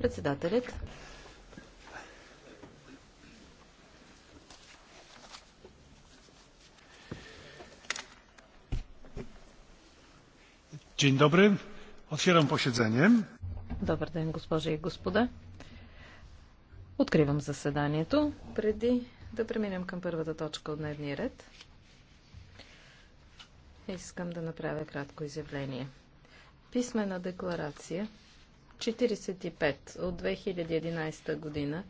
Председателят. Dzień dobry. Otwieram posiedzenie. Добър ден, госпожи и господа. Откривам заседанието. Преди да преминем към първата точка от дневния ред, искам да направя кратко изявление. Писмена декларация 45 от 2011 година